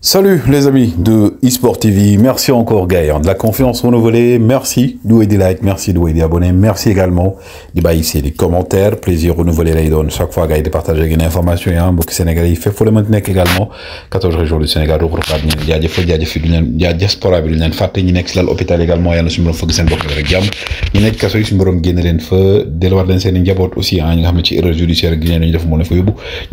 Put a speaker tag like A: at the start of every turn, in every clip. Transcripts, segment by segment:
A: Salut les amis de eSport TV, merci encore Gaël, de la confiance renouvelée, merci d'ouer des likes, merci d'ouer des abonnés, merci également de bah ici des commentaires, plaisir renouvelé là il donne chaque fois Gaël de partager une information et un bouc sénégalais, il fait faut le maintenir également 14 jours du Sénégal au groupe il y a des fois il y a des fois il y a diaspora bi len faté ñi nek ci lal hôpital également a des fois, il y bokk des fois, il nek kasso des borom il y a des fois, il y aussi hein fois, Il y a erreur judiciaire il ñu def des fois,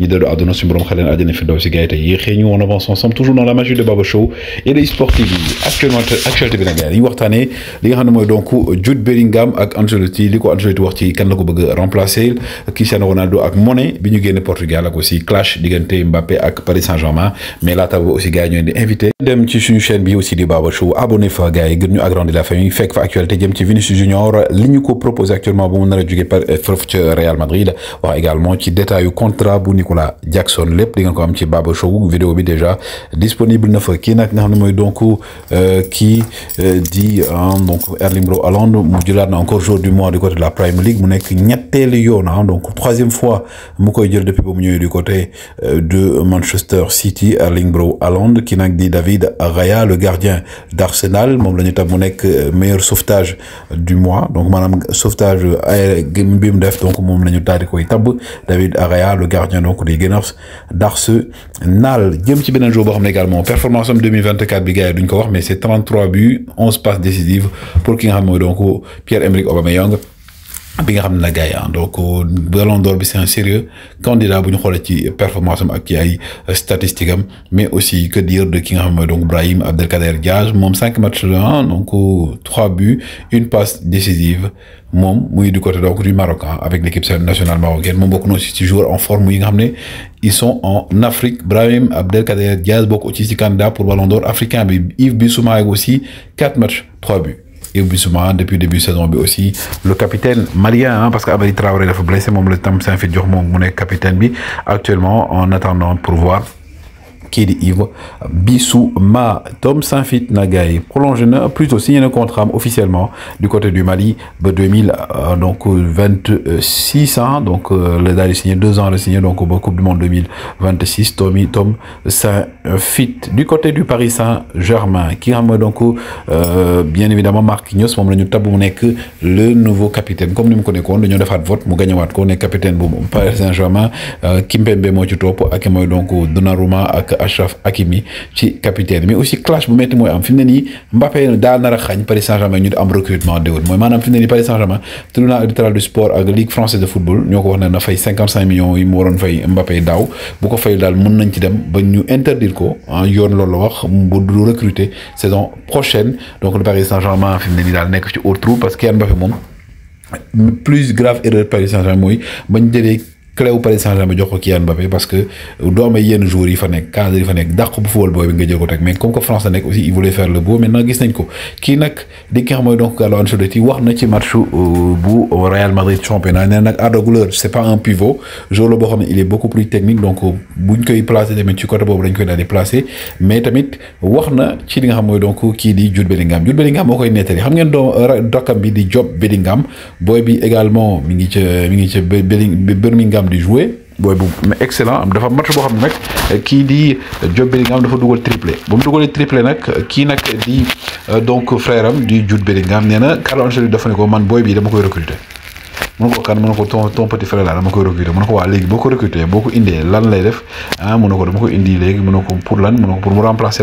A: il y a des aduna il borom a adina fi il ci Gaël des fois, il on avance ensemble toujours dans la magie de Baba Show et les sportifs actuellement actualité de nag yi waxtaanee li nga donc Jude Bellingham ak Angelotti, Les ko Angelotti wax ci kan ko remplacer Cristiano Ronaldo ak Money, bien ñu Portugal ak aussi clash et Mbappé ak Paris Saint-Germain mais là tu as aussi gagné des invités. invité. dem ci chaîne bi aussi de Baba Show abonné fa à à gën agrandir la famille fekk fa actualité jëm ci Vinicius Junior l'unico propose actuellement à mu nar par euh, Real Madrid Ou également détaille détail contrat pour Nicolas Jackson les di encore ko am Baba Show vidéo déjà disponible neuf. Qui nak nga xam ne donc qui euh, euh, dit ah, donc Erling Bro Haaland mu na encore jour du mois du côté de la Premier League mu nek ñetteelu yoon ah, donc troisième fois mu koy jël depuis bu ñëw du côté euh, de Manchester City Erling Bro Haaland qui nak di David Raya le gardien d'Arsenal mom lañu tab mu nek meilleur sauvetage du mois donc maanaam sauvetage bim bim def donc mom lañu ñu koy David Raya le gardien donc des Gunners d'Arsenal jëm ci benen jour boo performance en 2024 Big Air mais c'est 33 buts 11 passes décisives pour Kingham donc Pierre-Emerick Aubameyang bi nga xam ne ah, donc ballon d'or bi c'est un sérieux candidat bu ñu ci performance am ak mais aussi que dire de ki donc Brahim Abdelkader Diaz moom 5 matchs 1, ah, donc 3 buts une passe décisive moom muy du côté donc du Maroc ah, avec l'équipe nationale marocaine moom bokk na aussi en forme yi ils sont en Afrique Brahim Abdelkader Diaz bokk aussi candidat pour ballon d'or africain bi Yves Bissouma aussi 4 matchs 3 buts et depuis début saison aussi le capitaine malien hein, parce que travaillé la fait blessé mon le c'est un fait dur mon capitaine bi actuellement en attendant pour voir de Yves Bissou Ma Tom Saint-Fit Nagaï prolongé plutôt a un contrat officiellement du côté du Mali de 2026 euh, ans donc euh, le d'aller signer deux ans le signer donc au Coupe du Monde 2026 Tommy Tom Saint-Fit du côté du Paris Saint-Germain qui a donc euh, bien évidemment Marquinhos mon le tabou tabb le nouveau capitaine comme nous connaissons nous avons fait le vote nous gañewaat ko nekk capitaine Paris Saint-Germain Kimpembe moo ci ak donc Donnarumma Achraf Hakimi ci capitaine mais aussi clash bu métti moy am fimné ni ma Mbappé à la a Paris Saint-Germain ñu am recrutement de mooy maanaam fi mu Paris Saint-Germain tribunal arbitral du sport la ligue française de football ñoko avons wax 55 na fay 55 millions yi mo fait fay Mbappé daw bu ko fayul dal mën nañ ci dem ba ñu interdire ko ah yoon wax bu recruter saison prochaine donc le Paris Saint-Germain fimné ni dal nek que tu ci au trou parce que Mbappé moom plus grave erreur Paris Saint-Germain moy bañ clé wu Paris Saint-Germain jox ko Kylian Mbappé parce que doo amee jour yi fa nek cadre yi fa nek dakh bu football boy bi nga jël ko teg mais comme que France nek aussi il voulait faire le beau maintenant gis nañ ko ki nak di nga xam mooy donc Carlo Ancelotti wax na ci match euh, bu Real Madrid championnat nee nag Arda Güler c' pas un pivot joueur le boo xam il est beaucoup plus technique donc euh, buñ koy placer tamit ci côté bobu dañ koy daal placer mais tamit wax na ci li nga xam mooy donc ki di Jude Bellingham Jude Bellingham moo koy xam ngeen do euh, rakkam bi di Job Bellingham boy bi également mi ngi ca mi ngi ca Birmingham. Bellingham jouer Bellingham bu mais excellent am dafa match qui dit que le di Jude Bellingham dafa dougal triplé bu mu triplé nak ki di euh, donc frère am di Jude Bellingham néna Carlo dafa ne ko man recruter. ko frère dama koy recruter mon ko wa légui boko recruter lan lay def ah, ko dama indi pour remplacer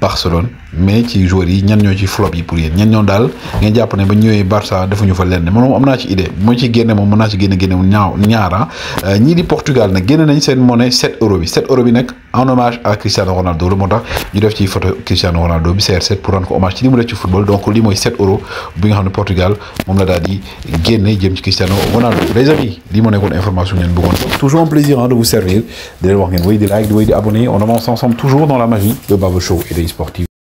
A: Barcelone mais ci joueur yi ñan ñoo ci flop yi pour yeen ñan ñoo dal ngeen japp ne ba ñëwé Barça defuñu fa lenn man amna ci idée moo ci génne moom mëna ci génne génne ñaaw ñaara ah. euh, ñi di Portugal nak génne nañ seen monnaie 7 euro bi 7 euro bi nak en hommage à Cristiano Ronaldo lu moo tax ñu def ci photo Cristiano Ronaldo bi CR7 pour rendre hommage ci li mu def ci football donc li moy 7 euro bi nga xamné Portugal moom la daal di génne jëm ci Cristiano Ronaldo les amis li mo nekkoon information ñen bëggoon toujours un plaisir hein, de vous servir de leen wax ngeen wéy di like di wéy di abonner on avance ensemble toujours dans la magie de Babo Show Presidente Esportivo